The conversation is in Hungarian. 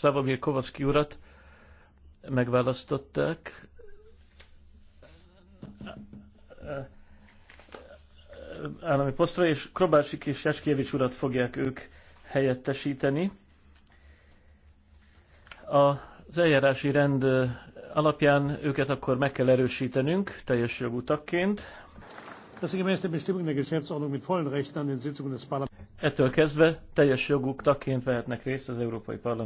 Szavomir Kovacski urat megválasztották. Állami posztra, és Krobásik és Jaskévics urat fogják ők helyettesíteni. Az eljárási rend alapján őket akkor meg kell erősítenünk teljes jogú tagként. Ettől kezdve teljes jogú tagként vehetnek részt az Európai Parlament.